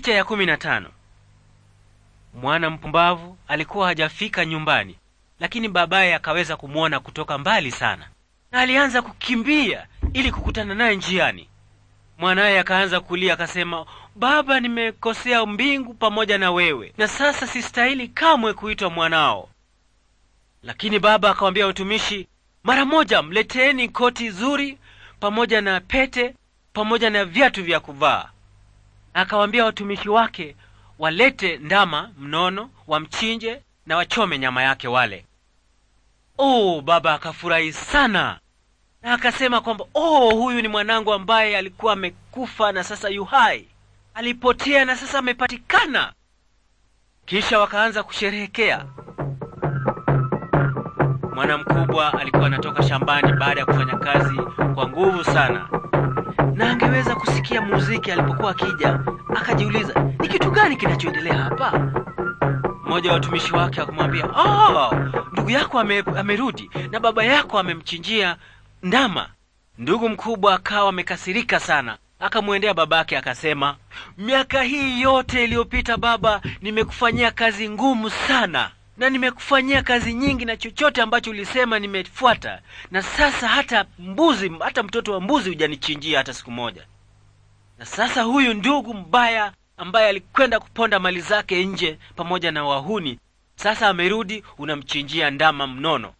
Picha ya kumi na tano. Mwana mpumbavu alikuwa hajafika nyumbani, lakini babaye akaweza kumwona kutoka mbali sana, na alianza kukimbia ili kukutana naye njiani. Mwanaye akaanza kulia, akasema, baba, nimekosea mbingu pamoja na wewe, na sasa sistahili kamwe kuitwa mwanao. Lakini baba akawambia watumishi, mara moja mleteeni koti zuri pamoja na pete pamoja na viatu vya kuvaa akawaambia watumishi wake walete ndama mnono wamchinje na wachome nyama yake wale. Oh, baba akafurahi sana na akasema kwamba oh, huyu ni mwanangu ambaye alikuwa amekufa na sasa yu hai, alipotea na sasa amepatikana. Kisha wakaanza kusherehekea. Mwana mkubwa alikuwa anatoka shambani baada ya kufanya kazi kwa nguvu sana na angeweza kusikia muziki alipokuwa akija, akajiuliza ni kitu gani kinachoendelea hapa. Mmoja wa watumishi wake akamwambia, oh, ndugu yako ame, amerudi na baba yako amemchinjia ndama. Ndugu mkubwa akawa amekasirika sana, akamwendea babake akasema, miaka hii yote iliyopita baba, nimekufanyia kazi ngumu sana na nimekufanyia kazi nyingi na chochote ambacho ulisema nimefuata, na sasa hata mbuzi, hata mtoto wa mbuzi hujanichinjia hata siku moja. Na sasa huyu ndugu mbaya ambaye alikwenda kuponda mali zake nje pamoja na wahuni, sasa amerudi, unamchinjia ndama mnono.